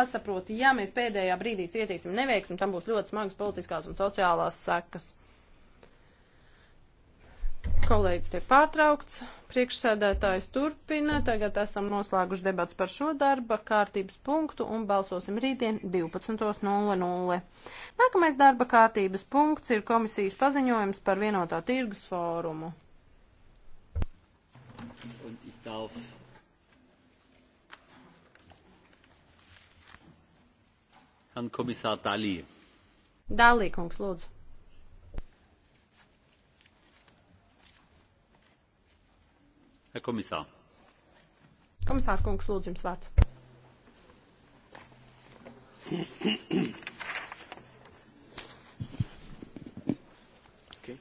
jāsaprot, ja mēs pēdējā brīdī cietīsim neveiksim, tam būs ļoti smagas politiskās un sociālās sekas. Kolēģis tiek pārtraukts, priekšsēdētājs turpina, tagad esam noslēguši debats par šo darba kārtības punktu un balsosim rītdien 12.00. Nākamais darba kārtības punkts ir komisijas paziņojums par vienotā tirgus fórumu. Un ich darf Herrn Kommissar Dalli. Dalli, kungs, lūdzu. Herr Kommissar. Komisār kungs, lūdzu jums vārds. Okay.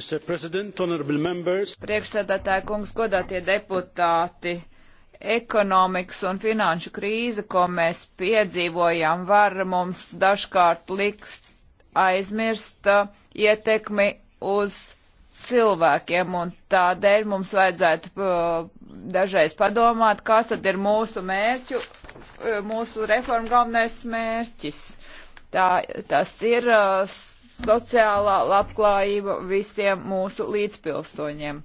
Priekšsēdētāja kungs, godātie deputāti, ekonomikas un finanšu krīze, ko mēs piedzīvojam, var mums dažkārt likt aizmirst uh, ietekmi uz cilvēkiem, un tādēļ mums vajadzētu uh, dažreiz padomāt, kas tad ir mūsu mērķu, uh, mūsu reformu galvenais mērķis. Tā, tas ir uh, sociālā labklājība visiem mūsu līdzpilsoņiem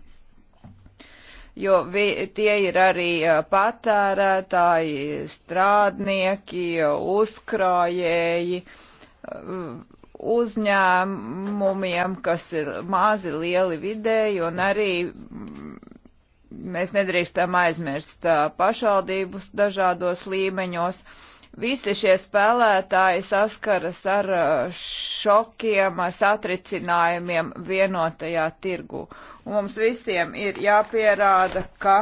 jo vi, tie ir arī patērētāji, strādnieki, uzkrājēji uzņēmumiem, kas ir mazi, lieli, vidēji, un arī mēs nedrīkstam aizmirst pašvaldības dažādos līmeņos. Uh, Visi šie spēlētāji saskaras ar uh, šokiem, ar satricinājumiem vienotajā tirgu. Un mums visiem ir jāpierāda, ka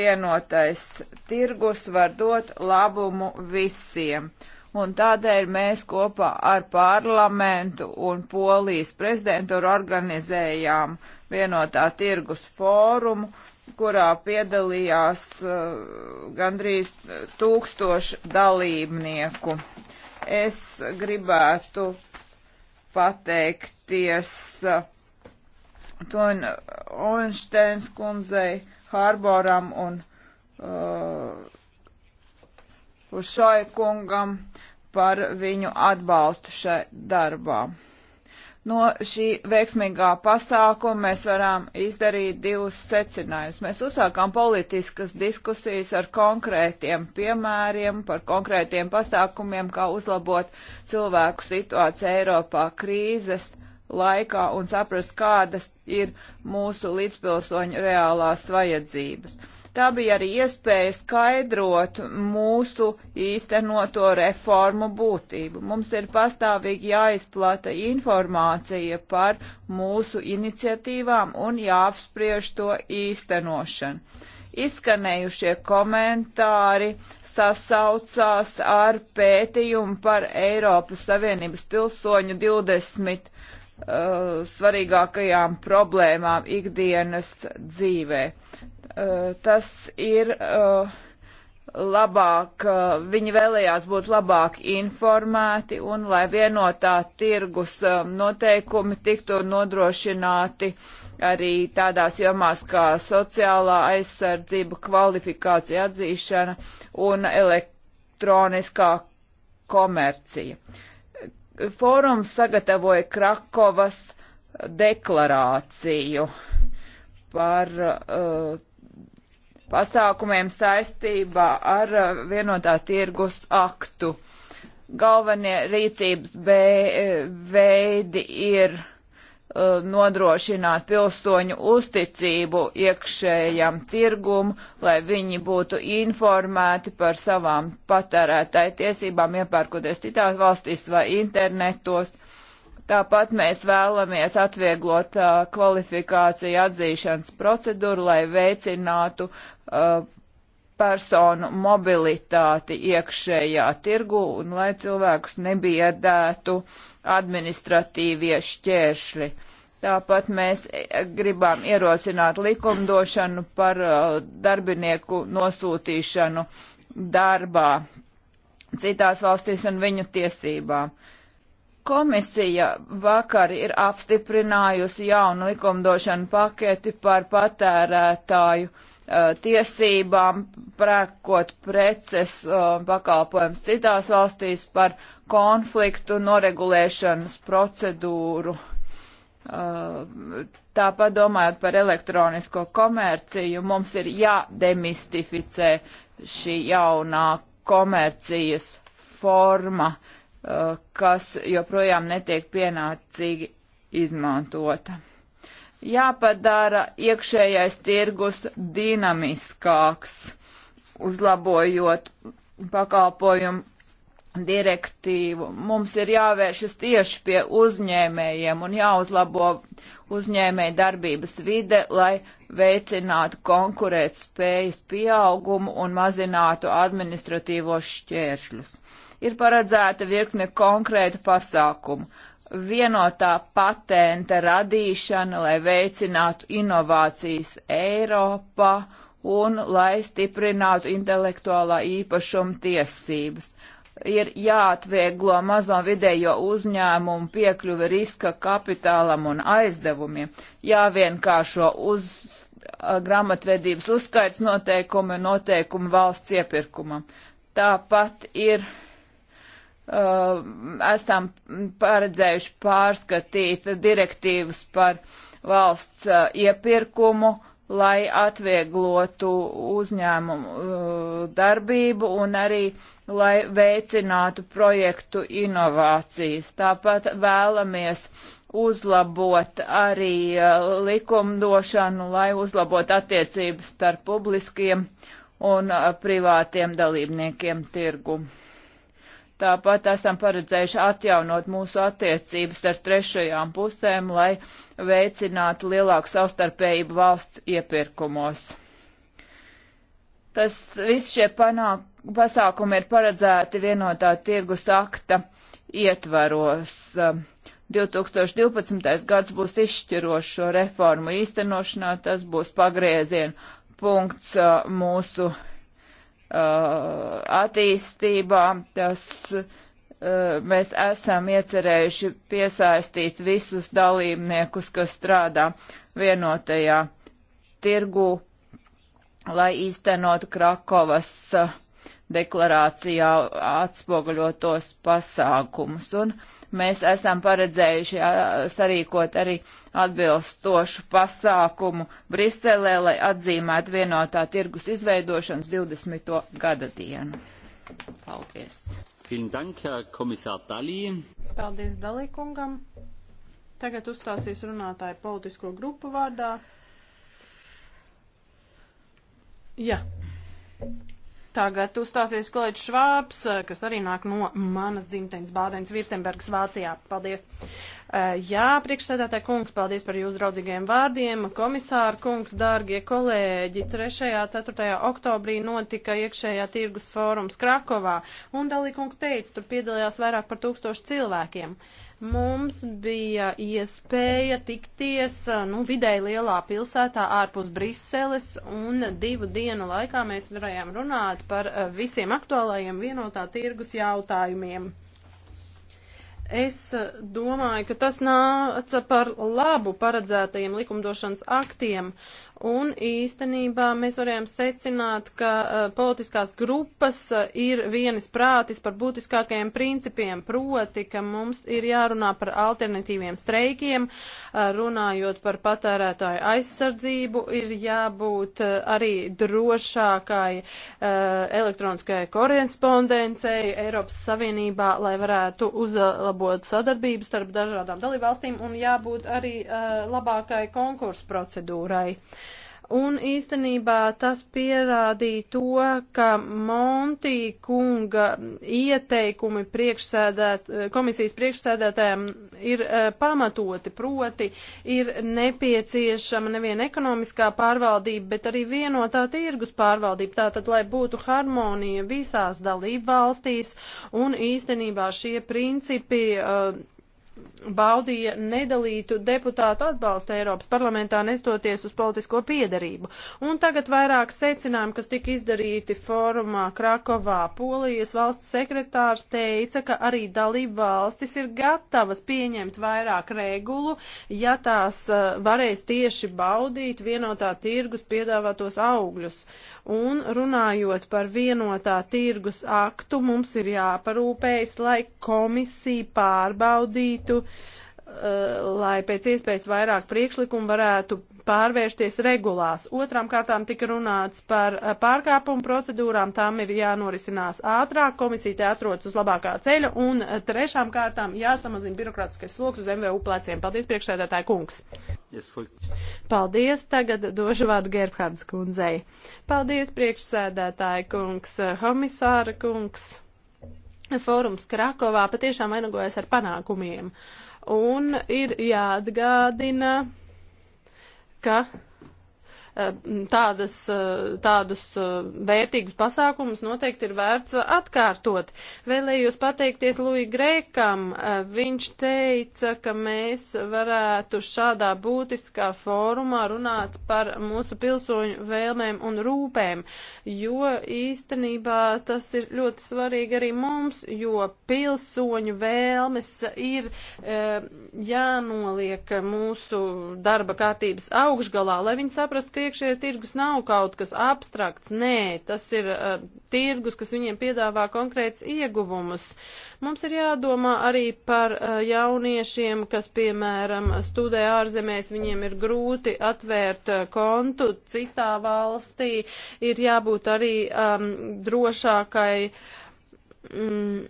vienotais tirgus var dot labumu visiem. Un tādēļ mēs kopā ar parlamentu un polijas prezidentūru organizējām vienotā tirgus fórumu, kurā piedalījās uh, gandrīz tūkstoši dalībnieku. Es gribētu pateikties uh, Toņa Onšteins kundzei, Harboram un uh, Ušai kungam par viņu atbalstu šai darbā. No šī veiksmīgā pasākuma mēs varam izdarīt divus secinājumus. Mēs uzsākām politiskas diskusijas ar konkrētiem piemēriem, par konkrētiem pasākumiem, kā uzlabot cilvēku situāciju Eiropā krīzes laikā un saprast, kādas ir mūsu līdzpilsoņu reālās vajadzības. Tā bija arī iespēja skaidrot mūsu īstenoto reformu būtību. Mums ir pastāvīgi jāizplata informācija par mūsu iniciatīvām un jāapspriež to īstenošanu. Izskanējušie komentāri sasaucās ar pētījumu par Eiropas Savienības pilsoņu 20 Uh, svarīgākajām problēmām ikdienas dzīvē. Uh, tas ir uh, labāk, viņi vēlējās būt labāk informēti un lai vienotā tirgus um, noteikumi tiktu nodrošināti arī tādās jomās kā sociālā aizsardzība, kvalifikācija atzīšana un elektroniskā komercija. Uh, Fórums sagatavoja Krakovas deklarāciju par uh, pasākumiem saistībā ar uh, vienotā tirgus aktu. Galvenie rīcības uh, veidi ir uh, Uh, nodrošināt pilsoņu uzticību iekšējam tirgum, lai viņi būtu informēti par savām patērētāju tiesībām, iepērkoties citās valstīs vai internetos. Tāpat mēs vēlamies atvieglot uh, kvalifikāciju atzīšanas procedūru, lai veicinātu uh, personu mobilitāti iekšējā tirgu un lai cilvēkus nebiedētu administratīvie šķēršļi. Tāpat mēs e, gribam ierosināt likumdošanu par e, darbinieku nosūtīšanu darbā citās valstīs un viņu tiesībām. Komisija vakar ir apstiprinājusi jaunu likumdošanu paketi par patērētāju Uh, tiesībām prekot preces un uh, pakalpojums citās valstīs par konfliktu noregulēšanas procedūru. Uh, tāpat domājot par elektronisko komerciju, mums ir jādemistificē šī jaunā komercijas forma, kas joprojām netiek pienācīgi izmantota jāpadara iekšējais tirgus dinamiskāks, uzlabojot pakalpojumu direktīvu. Mums ir jāvēršas tieši pie uzņēmējiem un jāuzlabo uzņēmēja darbības vide, lai veicinātu konkurēt spējas pieaugumu un mazinātu administratīvos šķēršļus. Ir paredzēta virkne konkrētu pasākumu vienotā patenta radīšana, lai veicinātu inovācijas Eiropā un lai stiprinātu intelektuālā īpašuma tiesības. Ir jāatvieglo mazo vidējo uzņēmumu piekļuvi riska kapitālam un aizdevumiem, jāvienkāršo uz grāmatvedības uzskaits noteikumi un noteikumi valsts iepirkumam. Tāpat ir uh, Uh, esam paredzējuši pārskatīt direktīvas par valsts uh, iepirkumu, lai atvieglotu uzņēmumu uh, darbību un arī lai veicinātu projektu inovācijas. Tāpat vēlamies uzlabot arī uh, likumdošanu, lai uzlabot attiecības starp publiskiem un uh, privātiem dalībniekiem tirgu. Tāpat esam paredzējuši atjaunot mūsu attiecības ar trešajām pusēm, lai veicinātu lielāku savstarpējību valsts iepirkumos. Tas viss šie panāk, pasākumi ir paredzēti vienotā tirgus akta ietvaros. 2012. gads būs izšķirošo reformu īstenošanā, tas būs pagrieziena punkts mūsu Uh, attīstībā. Tas, uh, mēs esam iecerējuši piesaistīt visus dalībniekus, kas strādā vienotajā tirgu, lai īstenotu Krakovas uh, deklarācijā atspoguļotos pasākumus. Un mēs esam paredzējuši sarīkot arī atbilstošu pasākumu Briselē, lai atzīmētu vienotā tirgus izveidošanas 20. gada dienu. Paldies! Dank, Dali. Paldies Dalīkungam! Tagad uzstāsies runātāji politisko grupu vārdā. Jā. Ja. Tagad uzstāsies kolēģis Švābs, kas arī nāk no manas dzimtenes Bādens Virtembergas Vācijā. Paldies! Jā, priekšsēdētāji kungs, paldies par jūsu draudzīgiem vārdiem. Komisāra kungs, dārgie kolēģi, 3. 4. oktobrī notika iekšējā tirgus fórums Krakovā, un dalīkungs teica, tur piedalījās vairāk par tūkstošu cilvēkiem. Uh, mums bija iespēja tikties nu, vidēji lielā pilsētā ārpus Briseles, un divu dienu laikā mēs varējām runāt par visiem aktuālajiem vienotā tirgus jautājumiem. Es domāju, ka tas nāca par labu paredzētajiem likumdošanas aktiem, Un īstenībā mēs varējām secināt, ka uh, politiskās grupas uh, ir vienas prātis par būtiskākajiem principiem, proti, ka mums ir jārunā par alternatīviem streikiem, uh, runājot par patērētāju aizsardzību, ir jābūt uh, arī drošākai uh, elektroniskai korespondencei Eiropas Savienībā, lai varētu uzlabot sadarbību starp dažādām dalībvalstīm un jābūt arī uh, labākai konkursu procedūrai. Uh, Un īstenībā tas pierādīja to, ka Monti kunga ieteikumi priekšsēdēt, komisijas priekšsēdētājiem ir uh, pamatoti, proti ir nepieciešama nevien ekonomiskā pārvaldība, bet arī vienotā tirgus pārvaldība, tātad, lai būtu harmonija visās dalību valstīs, un īstenībā šie principi uh, baudīja nedalītu deputātu atbalstu Eiropas parlamentā, nestoties uz politisko piedarību. Un tagad vairāk secinājumi, kas tika izdarīti forumā Krakovā. Polijas valsts sekretārs teica, ka arī dalība valstis ir gatavas pieņemt vairāk regulu, ja tās eh, varēs tieši baudīt vienotā tirgus piedāvātos augļus. Un runājot par vienotā tirgus aktu, mums ir jāparūpējas, lai komisija pārbaudītu, eh, lai pēc iespējas vairāk priekšlikumu varētu pārvērsties regulās. Otrām kārtām tika runāts par eh, pārkāpumu procedūrām, tām ir jānorisinās ātrāk, komisija te atrodas uz labākā ceļa, un eh, trešām kārtām jāsamazina birokrātiskais sloks uz MVU pleciem. Paldies, priekšsēdētāji kungs! Yes, Paldies, tagad došu vārdu Gerhards kundzei. Paldies, priekšsēdētāji kungs, eh, komisāra kungs. Fórums Krakovā patiešām vainagojas ar panākumiem. Un ir jāatgādina ka Eh, tādas, eh, tādus eh, vērtīgus pasākumus noteikti ir vērts atkārtot. Vēlējos pateikties Lui Grēkam. Viņš teica, ka mēs varētu šādā būtiskā fórumā runāt par mūsu pilsoņu vēlmēm un rūpēm, jo īstenībā tas ir ļoti svarīgi arī mums, jo pilsoņu vēlmes ir jānoliek mūsu darba kārtības augšgalā, lai viņi saprastu, iekšējais tirgus nav kaut kas abstrakts, nē, tas ir uh, tirgus, kas viņiem piedāvā konkrēts ieguvumus. Mums ir jādomā arī par uh, jauniešiem, kas, piemēram, studē ārzemēs, viņiem ir grūti atvērt uh, kontu citā valstī, ir jābūt arī um, drošākai. Mm,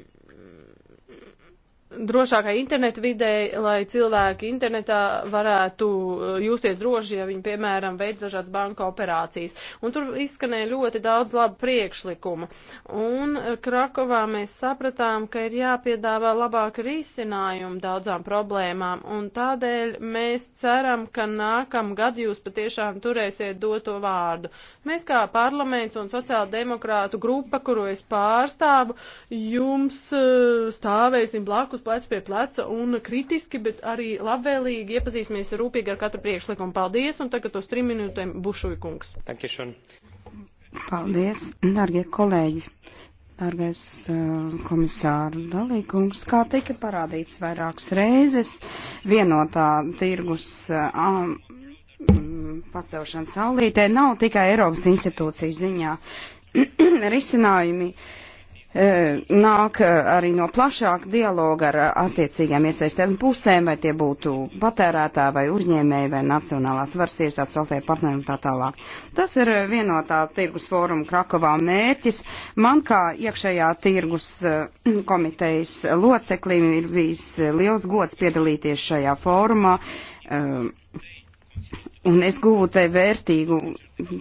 drošākai internetu videi, lai cilvēki internetā varētu eh, justies droši, ja viņi, piemēram, veids dažādas banka operācijas. Un tur izskanēja ļoti daudz labu priekšlikumu. Un eh, Krakovā mēs sapratām, ka ir jāpiedāvā labāk risinājumu daudzām problēmām, un tādēļ mēs ceram, ka nākamgad jūs patiešām turēsiet doto vārdu. Mēs kā parlaments un sociāldemokrātu grupa, kuru es pārstāvu, jums eh, stāvēsim blakus uz plec pie pleca un kritiski, bet arī labvēlīgi iepazīsimies rūpīgi ar katru priekšlikumu. Paldies, un tagad uz trim minūtēm Bušuja kungs. Dankišan. Paldies, dārgie kolēģi. Dārgais uh, eh, komisāra dalīkums, kā tika parādīts vairākas reizes, vienotā tirgus. Uh, pacelšana saulītē nav tikai Eiropas institūciju ziņā. Risinājumi uh, E, nāk e, arī no plašāka dialoga ar e, attiecīgām iesaistēm pusēm, vai tie būtu patērētāji vai uzņēmēji vai nacionālās varas iestādes, Sofija partneri un tā tālāk. Tas ir vienotā tirgus fóruma Krakovā mērķis. Man kā iekšējā tirgus komitejas loceklim ir bijis liels gods piedalīties šajā fórumā. Un es guvu te vērtīgu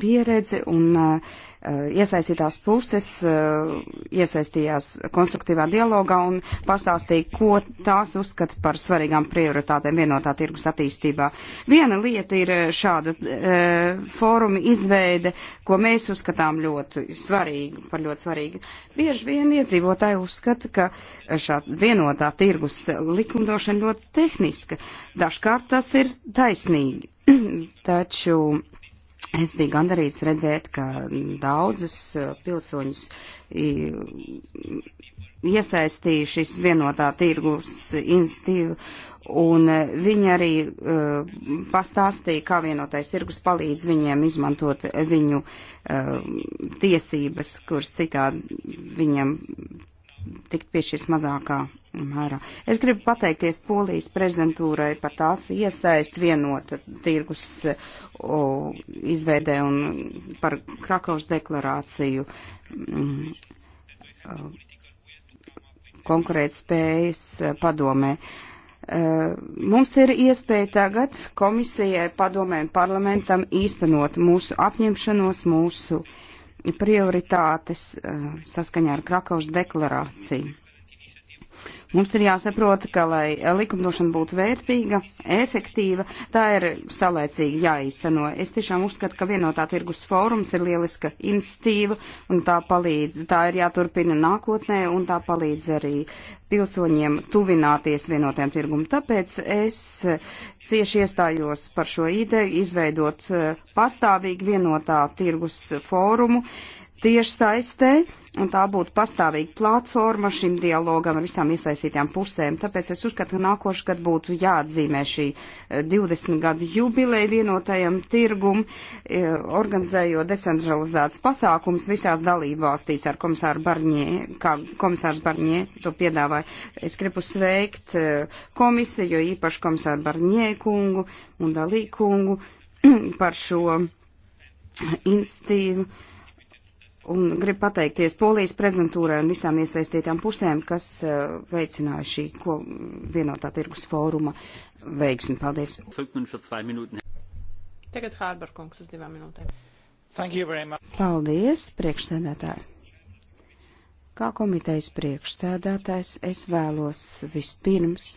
pieredzi un uh, Eh, iesaistītās puses eh, iesaistījās konstruktīvā dialogā un pastāstīja, ko tās uzskata par svarīgām prioritātēm vienotā tirgus attīstībā. Viena lieta ir eh, šāda fóruma izveide, ko mēs uzskatām ļoti svarīgu, par ļoti svarīgu. Bieži vien iedzīvotāji uzskata, ka šāda vienotā tirgus likumdošana ļoti tehniska. Dažkārt tas ir taisnīgi. Taču Es biju gandarīts redzēt, ka daudzus uh, pilsoņus mm, iesaistīja šis vienotā tirgus institīva, un uh, viņi arī uh, pastāstīja, kā vienotais tirgus palīdz viņiem izmantot viņu uh, tiesības, kuras citādi viņiem tikt piešķirs mazākā mērā. Es gribu pateikties Polijas prezidentūrai par tās iesaist vienota tirgus o, izveidē un par Krakaus deklarāciju m, mm, konkurēt spējas padomē. E, mums ir iespēja tagad komisijai, padomēm, parlamentam īstenot mūsu apņemšanos, mūsu uh, prioritātes eh, saskaņā ar Krakaus deklarāciju. Mums ir jāsaprot, ka, lai likumdošana būtu vērtīga, efektīva, tā ir saulēcīgi jāīsteno. Es tiešām uzskatu, ka vienotā tirgus fórums ir lieliska institīva un tā palīdz, tā ir jāturpina nākotnē un tā palīdz arī pilsoņiem tuvināties vienotiem tirgumam. Tāpēc es cieši iestājos par šo ideju izveidot eh, pastāvīgi vienotā tirgus fórumu tieši saistē un tā būtu pastāvīga platforma šim dialogam ar visām iesaistītām pusēm. Tāpēc es uzskatu, ka nākošu gadu būtu jāatzīmē šī 20 eh, gadu jubileja vienotajam tirgum, eh, organizējot decentralizētas pasākums visās dalībvalstīs ar komisāru Barņē, kā komisārs Barņē to piedāvāja. Es gribu sveikt eh, komisiju, jo īpaši komisāru Barņē kungu un Dalī kungu par šo institīvu Un gribu pateikties Polijas prezentūrai un visām iesaistītām pusēm, kas uh, veicināja šī ko, vienotā tirgus fóruma veiksmi. Paldies. Tagad Hārbarkungs uz divām minūtēm. Paldies, priekšsēdētāji. Kā komitejas priekšstādātājs es vēlos vispirms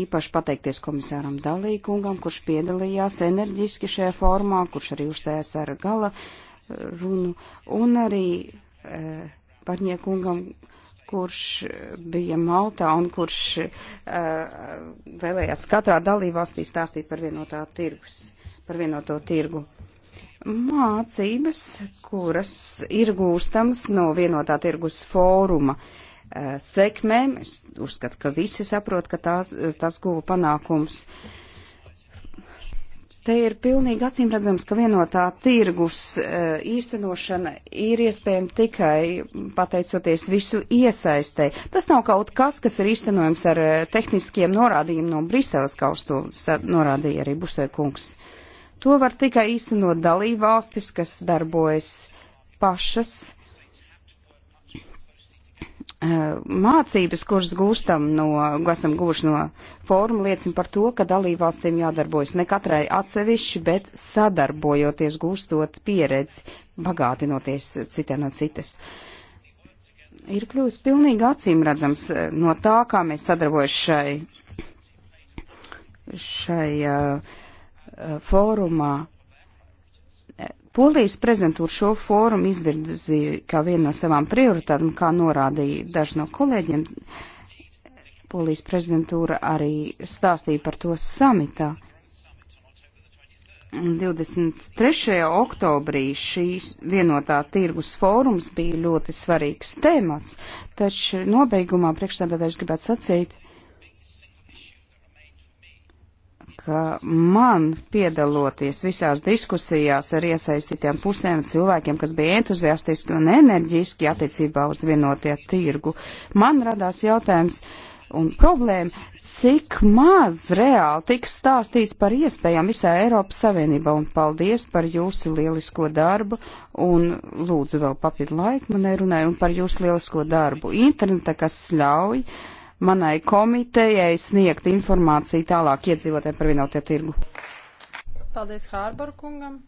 īpaši pateikties komisāram Dalīkungam, kurš piedalījās enerģiski šajā formā, kurš arī uzstājās ar gala runu, un arī uh, e, Barņiekungam, kurš bija Maltā un kurš uh, vēlējās katrā dalībvalstī stāstīt par vienotā tirgus, par vienoto tirgu. Mācības, kuras ir gūstamas no vienotā tirgus fóruma uh, sekmēm, es uzskatu, ka visi saprot, ka tās, tas guva panākums. Uh, Te ir pilnīgi acīmredzams, ka vienotā tirgus e, īstenošana ir iespējama tikai pateicoties visu iesaistē. Tas nav kaut kas, kas ir īstenojams ar e, tehniskiem norādījumiem no Briseles, kā uz to norādīja arī Busē kungs. To var tikai īstenot dalībvalstis, kas darbojas pašas Eh, mācības, kuras gūstam no, esam gūši no fóruma, liecina par to, ka dalībvalstīm jādarbojas ne katrai atsevišķi, bet sadarbojoties, gūstot pieredzi, bagātinoties citā no citas. Ir kļuvis pilnīgi acīm redzams eh, no tā, kā mēs sadarbojas šai, šai uh, fórumā Polijas prezidentūra šo fórumu izvirzīja kā vienu no savām prioritātēm, kā norādīja daži no kolēģiem. Polijas prezidentūra arī stāstīja par to samitā. 23. oktobrī šīs vienotā tirgus fórums bija ļoti svarīgs temats, taču nobeigumā priekšstādātājs gribētu sacīt, uh, ka man piedaloties visās diskusijās ar iesaistītiem pusēm, cilvēkiem, kas bija entuziastiski un enerģiski attiecībā uz vienotie tirgu, man radās jautājums un problēma, cik maz reāli tiks stāstīts par iespējām visā Eiropas Savienībā. Un paldies par jūsu lielisko darbu un lūdzu vēl papildu laiku manai runai un par jūsu lielisko darbu interneta, kas ļauj uh, manai komitejai sniegt informāciju tālāk iedzīvotājiem par vienotie tirgu. Paldies Hārbaru kungam.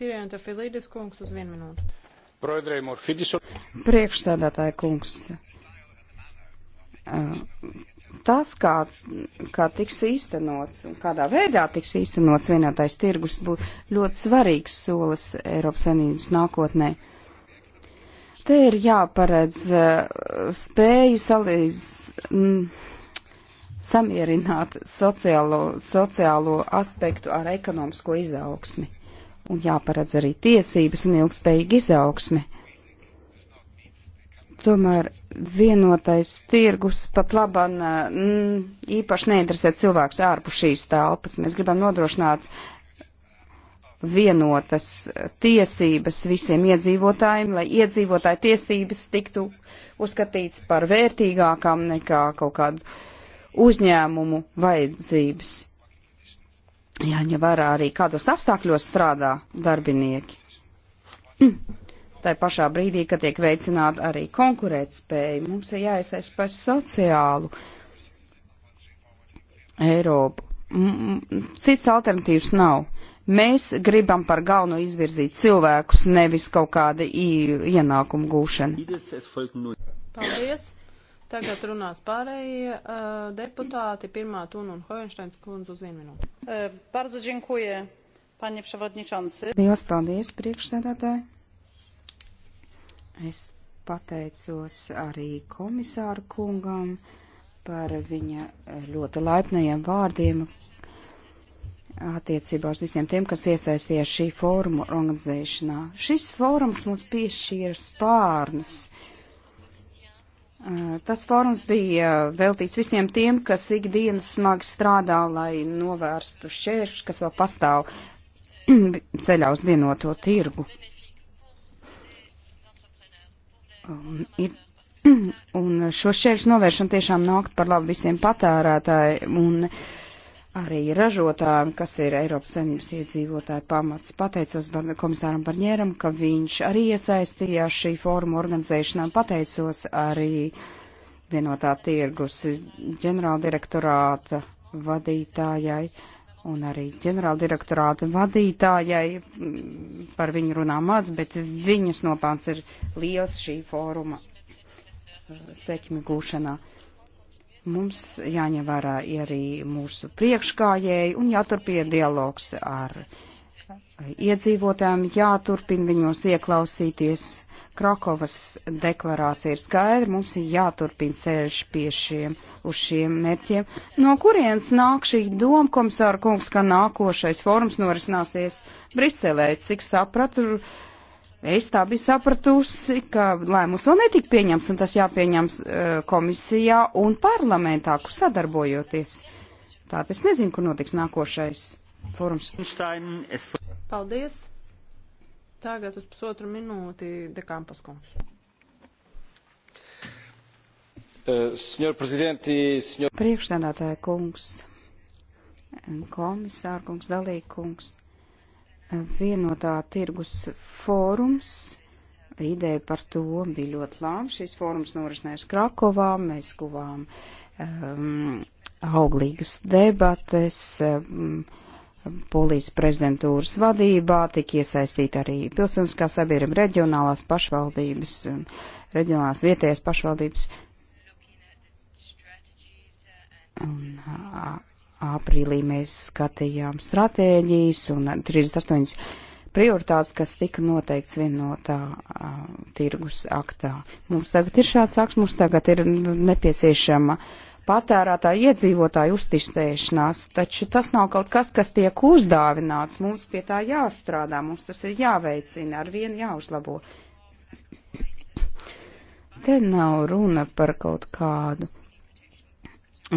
Tirienta Filīdes kungs uz vienu minūtu. Priekšsēdētāja kungs. Tas, kā, kā tiks īstenots un kādā veidā tiks īstenots vienotais tirgus, būs ļoti svarīgs solis Eiropas Savienības nākotnē. Uh, Te ir jāparedz eh, spēju salīdz, m, samierināt sociālo, sociālo aspektu ar ekonomisko izaugsmi. Un jāparedz arī tiesības un ilgspējīga izaugsme. Tomēr vienotais tirgus pat laban eh, m, īpaši neinteresē cilvēks ārpus šīs telpas. Mēs gribam nodrošināt uh, vienotas tiesības visiem iedzīvotājiem, lai iedzīvotāju tiesības tiktu uzskatīts par vērtīgākām nekā kaut kādu uzņēmumu vajadzības. Jāņem vērā arī, kādos apstākļos strādā darbinieki. Tā pašā brīdī, kad tiek veicināta arī konkurētspēja, mums ir jāiesaist par sociālu Eiropu. Cits alternatīvs nav Mēs gribam par galveno izvirzīt cilvēkus, nevis kaut kādu ienākumu gūšanu. Paldies! Tagad runās pārējie uh, deputāti. Pirmā tūna un Hojensteins kundze uz vienu minūti. Uh, bardzo dziękuję, panie przewodniczący. Lielas paldies, priekšsēdētāji. Es pateicos arī komisāru kungam par viņa ļoti laipnajiem vārdiem attiecībā uz visiem tiem, kas iesaistīja šī fóruma organizēšanā. Šis fórums mums piešķīra spārnus. Tas fórums bija veltīts visiem tiem, kas ikdienas smagi strādā, lai novērstu šķēršļus, kas vēl pastāv ceļā uz vienoto tirgu. Un, ir, un šo šķēršļu novēršana tiešām nākt par labu visiem patērētāji. Un, uh, arī ražotājiem, kas ir Eiropas saimnības iedzīvotāju pamats. Pateicos bar komisāram Barņēram, ka viņš arī iesaistījās šī fóruma organizēšanā. Pateicos arī vienotā tirgus ģenerāldirektorāta vadītājai un arī ģenerāldirektorāta vadītājai. Par viņu runā maz, bet viņas nopelns ir liels šī fóruma uh, sekmi gūšanā. Mums jāņem vērā arī mūsu priekšgājēji un jāturpina dialogs ar iedzīvotājiem, jāturpina viņos ieklausīties. Krakovas deklarācija ir skaidra, mums ir jāturpina ceļš pie šiem, uz šiem mērķiem. No kurienes nāk šī doma, komisāra kungs, ka nākošais forums norisināsies Briselē? Cik sapratu, Es tā biju sapratusi, ka lēmums vēl netika pieņemts, un tas jāpieņem e, komisijā un parlamentā, kur sadarbojoties. Tātad es nezinu, kur notiks nākošais forums. Paldies! Tagad uz pusotru minūti Dekampas kungs. E, Priekšstādātāja kungs, komisāra kungs, dalīja kungs vienotā tirgus fórums. Ideja par to bija ļoti laba. Šis fórums norisinājās Krakovā. Mēs guvām um, auglīgas debates. Um, Polijas prezidentūras vadībā tika iesaistīta arī pilsoniskā sabiedrība, reģionālās pašvaldības un reģionālās vietējās pašvaldības. Un, Aprīlī mēs skatījām stratēģijas un 38 prioritātes, kas tika noteikts vienotā no tirgus aktā. Mums tagad ir šāds akts, mums tagad ir nepieciešama patērētāja iedzīvotāja uzticēšanās, taču tas nav kaut kas, kas tiek uzdāvināts. Mums pie tā jāstrādā, mums tas ir jāveicina, ar vienu jāuzlabo. Te nav runa par kaut kādu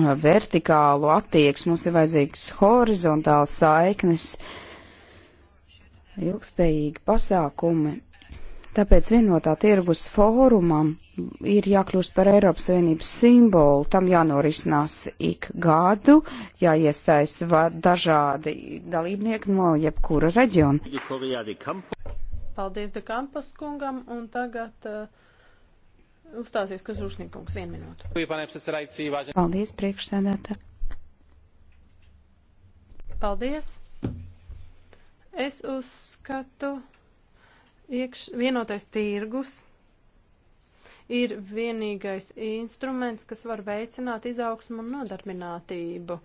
vertikālu attieksmi, mums ir vajadzīgs horizontāls saiknes, ilgspējīgi pasākumi. Tāpēc vienotā tirgus fórumam ir jākļūst par Eiropas Savienības simbolu, tam jānorisinās ik gadu, jāiestaist dažādi dalībnieki no jebkura reģiona. Paldies De Kampus kungam un tagad uh, Uzstāsies Kazušņikungs vienu minūtu. Paldies, priekšsēdētā. Paldies. Es uzskatu, iekš, vienotais tirgus ir vienīgais instruments, kas var veicināt izaugsmu un nodarbinātību.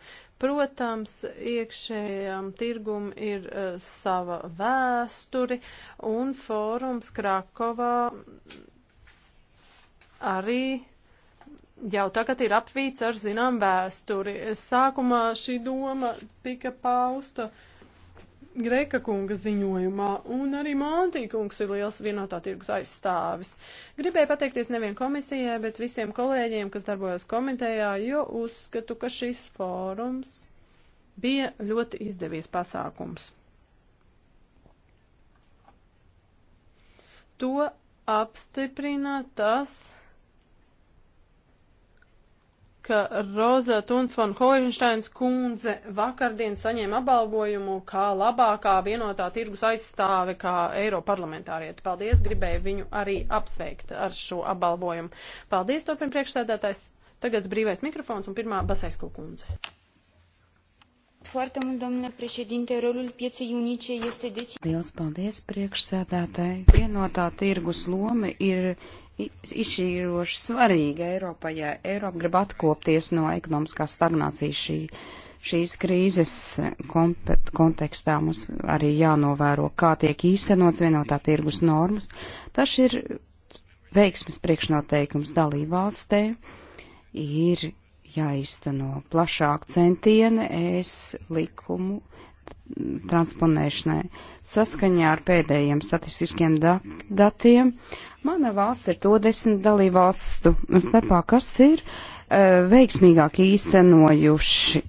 Protams, iekšējām tirgum ir uh, sava vēsturi un fórums Krakovā arī jau tagad ir apvīts ar zinām vēsturi. Sākumā šī doma tika pausta Greka kunga ziņojumā, un arī Monti kungs ir liels vienotā tirgus aizstāvis. Gribēju pateikties nevien komisijai, bet visiem kolēģiem, kas darbojas komitejā, jo uzskatu, ka šis fórums bija ļoti izdevies pasākums. To apstiprina tas, ka Roza Tunfon Hoivensteins kundze vakardien saņēma apbalvojumu kā labākā vienotā tirgus aizstāve kā Eiroparlamentārieti. Paldies, gribēju viņu arī apsveikt ar šo apbalvojumu. Paldies, turpin priekšsēdētājs. Tagad brīvais mikrofons un pirmā Basaisko kundze. Liels paldies priekšsēdētāji. Vienotā tirgus loma ir izšķīroši svarīga Eiropā, ja Eiropa grib atkopties no ekonomiskās stagnācijas šī, šīs krīzes kompet, kontekstā. Mums arī jānovēro, kā tiek īstenots vienotā tirgus normas. Tas ir veiksmes priekšnoteikums dalībvalstē. Ir jāizteno plašāk centieni es likumu transponēšanai. Saskaņā ar pēdējiem statistiskiem da datiem mana valsts ir to desmit dalībvalstu starpā, kas ir uh, veiksmīgāk īstenojuši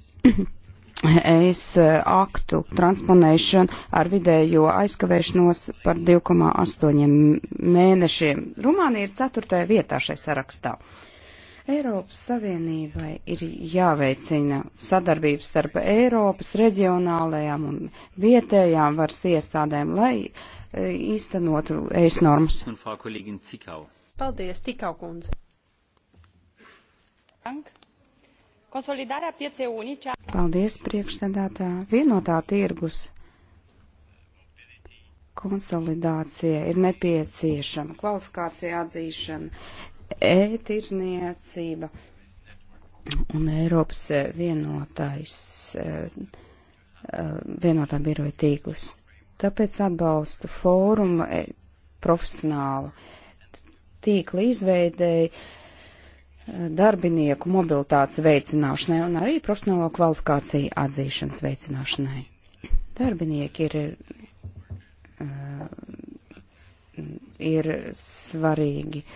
es uh, aktu transponēšanu ar vidējo aizkavēšanos par 2,8 mēnešiem. Rumānija ir ceturtajā vietā šai sarakstā. Uh, Eiropas Savienībai ir jāveicina sadarbības starp Eiropas reģionālajām un vietējām varas iestādēm, lai e, īstenotu ēst normas. Paldies, Tikau kundze. Paldies, priekšsēdētā. Vienotā tirgus konsolidācija ir nepieciešama, kvalifikācija atzīšana e-tirzniecība un Eiropas e, vienotais, e, e, vienotā biroja tīklis. Tāpēc atbalstu fórumu profesionālu tīkla izveidēji, darbinieku mobilitātes veicināšanai un arī profesionālo kvalifikāciju atzīšanas veicināšanai. Darbinieki ir, ir, ir svarīgi uh,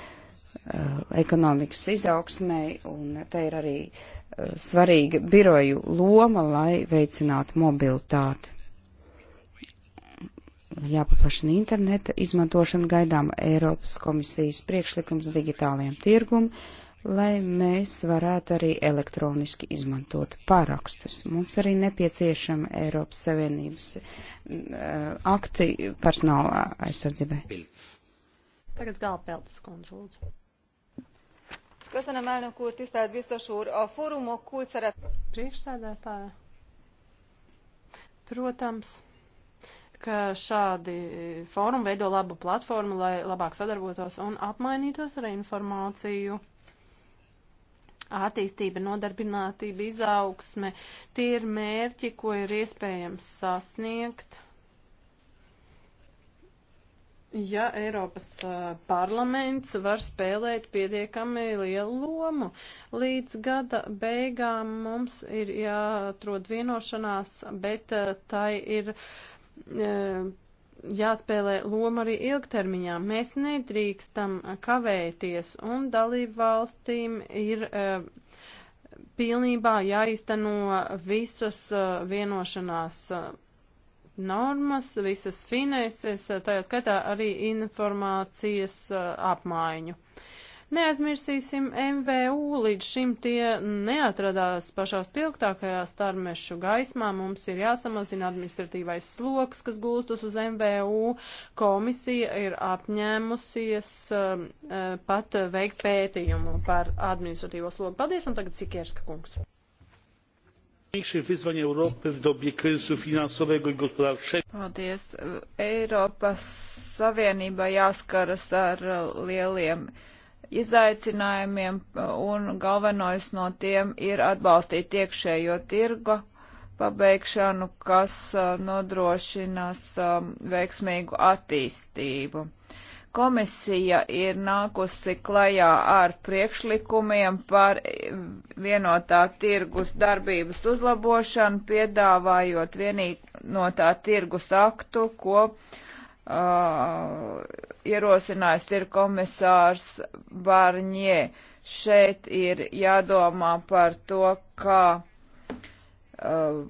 Eh, ekonomikas izaugsmai, un te ir arī eh, svarīga biroju loma, lai veicinātu mobilitāti. Jāpaplašina interneta izmantošana gaidām Eiropas komisijas priekšlikums digitāliem tirgum, lai mēs varētu arī elektroniski izmantot pārakstus. Mums arī nepieciešama Eiropas Savienības eh, akti personāla aizsardzībai. Tagad galpeltas konsults a fórumok kulcsszerepe. Priekšsēdētāja. Protams, ka šādi fórumi veido labu platformu, lai labāk sadarbotos un apmainītos ar informāciju. Attīstība, nodarbinātība, izaugsme, tie ir mērķi, ko ir iespējams sasniegt ja Eiropas parlaments var spēlēt pietiekami lielu lomu. Līdz gada beigām mums ir jāatrod vienošanās, bet tai ir jāspēlē loma arī ilgtermiņā. Mēs nedrīkstam kavēties, un dalību valstīm ir pilnībā jāizteno visas vienošanās normas, visas finanses, tajā skatā arī informācijas apmaiņu. Neaizmirsīsim MVU, līdz šim tie neatradās pašā spilgtākajā starmešu gaismā. Mums ir jāsamazina administratīvais sloks, kas gulstus uz MVU. Komisija ir apņēmusies uh, pat veikt pētījumu par administratīvo slogu. Paldies, un tagad Sikierska kungs najważniejszych wyzwań Europy w dobie kryzysu finansowego i gospodarczego. Paldies. Eiropas Savienībā jāskaras ar lieliem izaicinājumiem un galvenojas no tiem ir atbalstīt iekšējo tirgu pabeigšanu, kas eh, nodrošinās eh, veiksmīgu attīstību. Uh, Komisija ir nākusi klajā ar priekšlikumiem par vienotā tirgus darbības uzlabošanu, piedāvājot vienotā tirgus aktu, ko uh, ierosinājis ir komisārs Barņē. Šeit ir jādomā par to, kā uh,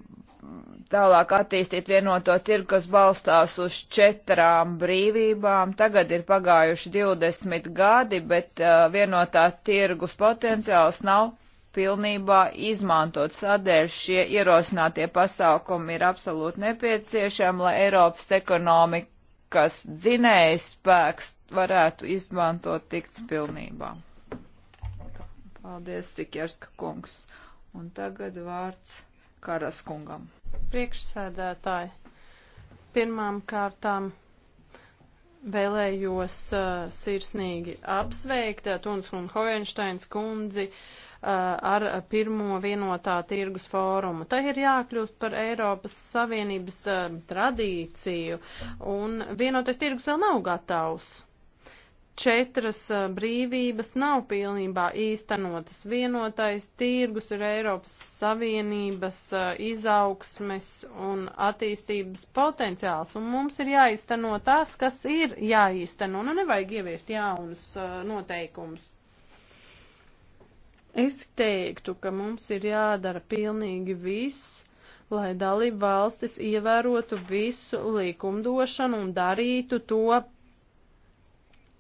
tālāk attīstīt vienoto tirgu, kas balstās uz četrām brīvībām. Tagad ir pagājuši 20 gadi, bet uh, vienotā tirgus potenciāls nav pilnībā izmantot. Tādēļ šie ierosinātie pasākumi ir absolūti nepieciešami, lai Eiropas ekonomikas dzinējas spēks varētu izmantot tikts pilnībā. Paldies, Sikerska kungs. Un tagad vārds Karas kungam. Priekšsēdētāji, pirmām kārtām vēlējos uh, sirsnīgi apsveikt uh, Tuns un Hovensteins kundzi. Uh, ar pirmo vienotā tirgus fórumu. Tā ir jākļūst par Eiropas Savienības uh, tradīciju, un vienotais tirgus vēl nav gatavs četras eh, brīvības nav pilnībā īstenotas. Vienotais tirgus ir Eiropas Savienības eh, izaugsmes un attīstības potenciāls, un mums ir jāīsteno tas, kas ir jāīsteno, nu nevajag ieviest jaunus eh, noteikumus. Es teiktu, ka mums ir jādara pilnīgi viss, lai dalību valstis ievērotu visu likumdošanu un darītu to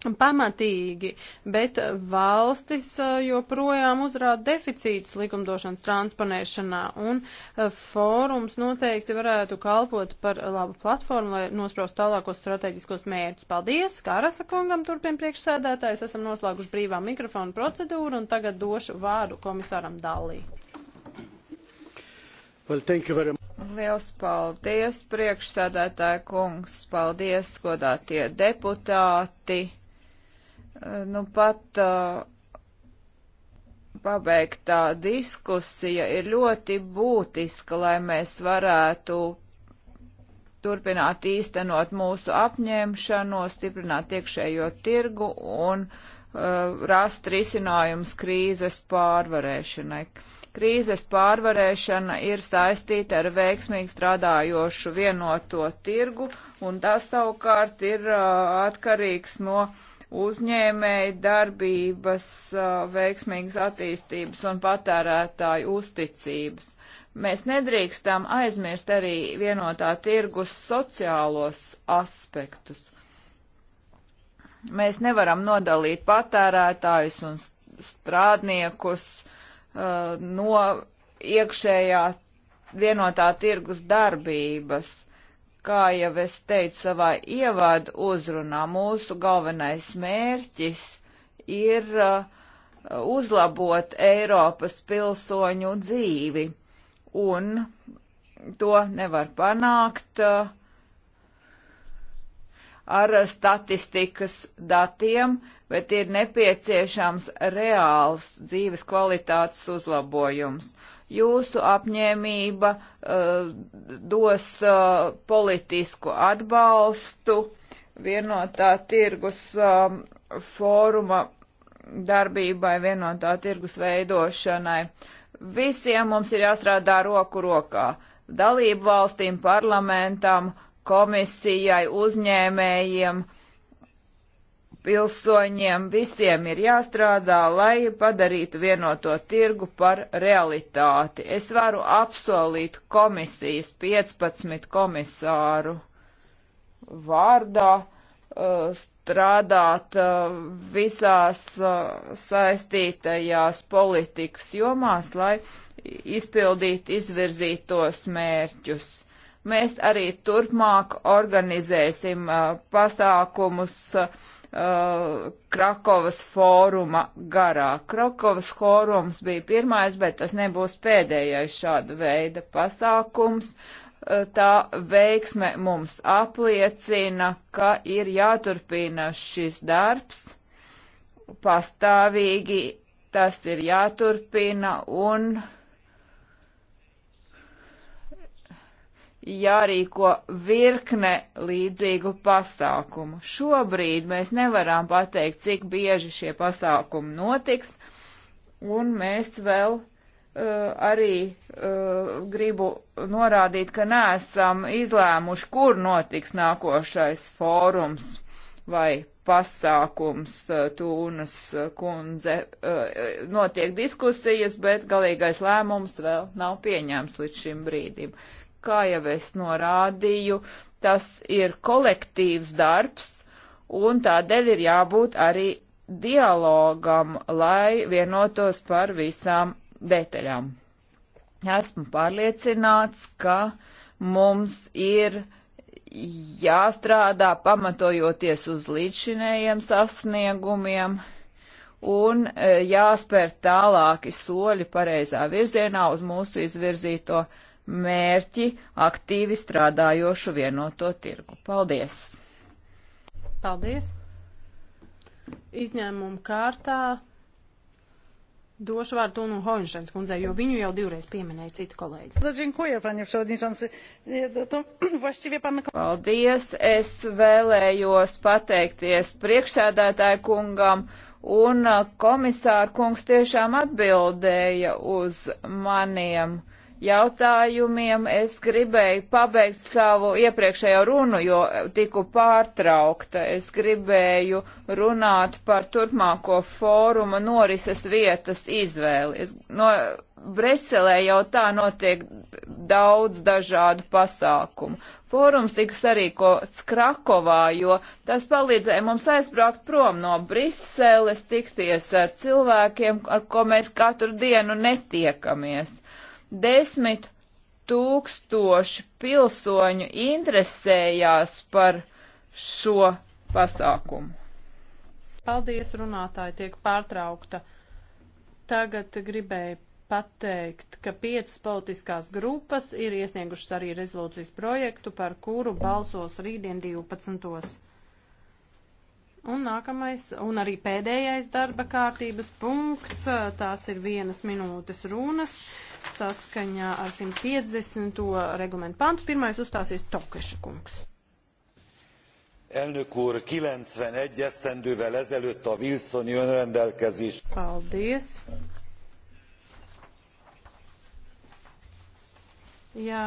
pamatīgi, bet valstis uh, joprojām uzrāda deficītus likumdošanas transponēšanā, un uh, fórums noteikti varētu kalpot par labu platformu, lai nospraust tālākos strateģiskos mērķus. Paldies, Karasa kungam, turpin priekšsēdētājs, esam noslēguši brīvā mikrofona procedūru, un tagad došu vārdu komisāram Dallī. Well, thank you very much. Liels paldies, priekšsēdētāja kungs, paldies, godātie deputāti. Eh, nu pat uh, pabeigtā diskusija ir ļoti būtiska, lai mēs varētu turpināt īstenot mūsu apņēmšanos, stiprināt iekšējo tirgu un uh, rast risinājums krīzes pārvarēšanai. Krīzes pārvarēšana ir saistīta ar veiksmīgi strādājošu vienoto tirgu, un tas savukārt ir uh, atkarīgs no uh, uzņēmēji darbības, veiksmīgas attīstības un patērētāju uzticības. Mēs nedrīkstam aizmirst arī vienotā tirgus sociālos aspektus. Mēs nevaram nodalīt patērētājus un strādniekus uh, no iekšējā vienotā tirgus darbības. Uh, Kā jau es teicu savā ievadu uzrunā, mūsu galvenais mērķis ir uh, uzlabot Eiropas pilsoņu dzīvi, un to nevar panākt uh, ar statistikas datiem, bet ir nepieciešams reāls dzīves kvalitātes uzlabojums. Uh, jūsu apņēmība uh, dos uh, politisku atbalstu vienotā tirgus um, fóruma darbībai, vienotā tirgus veidošanai. Visiem mums ir jāstrādā roku rokā - dalību valstīm, parlamentam, komisijai, uzņēmējiem, uh, pilsoņiem visiem ir jāstrādā, lai padarītu vienoto tirgu par realitāti. Es varu apsolīt komisijas 15 komisāru vārdā eh, strādāt eh, visās eh, saistītajās politikas jomās, lai izpildītu izvirzītos mērķus mēs arī turpmāk organizēsim pasākumus uh, Krakovas fóruma garā. Krakovas fórums bija pirmais, bet tas nebūs pēdējais šāda veida pasākums. Uh, tā veiksme mums apliecina, ka ir jāturpina šis darbs pastāvīgi, tas ir jāturpina un uh, jārīko virkne līdzīgu pasākumu. Šobrīd mēs nevaram pateikt, cik bieži šie pasākumi notiks, un mēs vēl uh, arī uh, gribu norādīt, ka neesam izlēmuši, kur notiks nākošais fórums vai pasākums uh, Tūnas kundze. Uh, notiek diskusijas, bet galīgais lēmums vēl nav pieņēms līdz šim brīdim. Uh, kā jau es norādīju, tas ir kolektīvs darbs, un tādēļ ir jābūt arī dialogam, lai vienotos par visām detaļām. Esmu pārliecināts, ka mums ir jāstrādā pamatojoties uz līdzšinējiem sasniegumiem un e, jāspēr tālāki soļi pareizā virzienā uz mūsu izvirzīto mērķi mērķi aktīvi strādājošu vienoto tirgu. Paldies! Paldies! Izņēmumu kārtā došu vārdu Tunu Hoinšens kundzei, jo viņu jau divreiz pieminēja citu kolēģi. Paldies! Es vēlējos pateikties priekšsēdētāju kungam un komisāru kungs tiešām atbildēja uz maniem jautājumiem jautājumiem. Es gribēju pabeigt savu iepriekšējo runu, jo tiku pārtraukta. Es gribēju runāt par turpmāko fóruma norises vietas izvēli. Es, no Breselē jau tā notiek daudz dažādu pasākumu. Fórums tika sarīkots Krakovā, jo tas palīdzēja mums aizbraukt prom no Briseles, tikties ar cilvēkiem, ar ko mēs katru dienu netiekamies Desmit tūkstoši pilsoņu interesējās par šo pasākumu. Paldies, runātāji, tiek pārtraukta. Tagad gribēju pateikt, ka piecas politiskās grupas ir iesniegušas arī rezolūcijas projektu, par kuru balsos rītdien 12. Un nākamais, un arī pēdējais darba kārtības punkts, tās ir vienas minūtes runas saskaņā ar 150. reglamentu pantu. Pirmais uzstāsies Tokeša kungs. Elnök úr, 91 esztendővel ezelőtt a Wilsoni önrendelkezés. Paldies. Jā,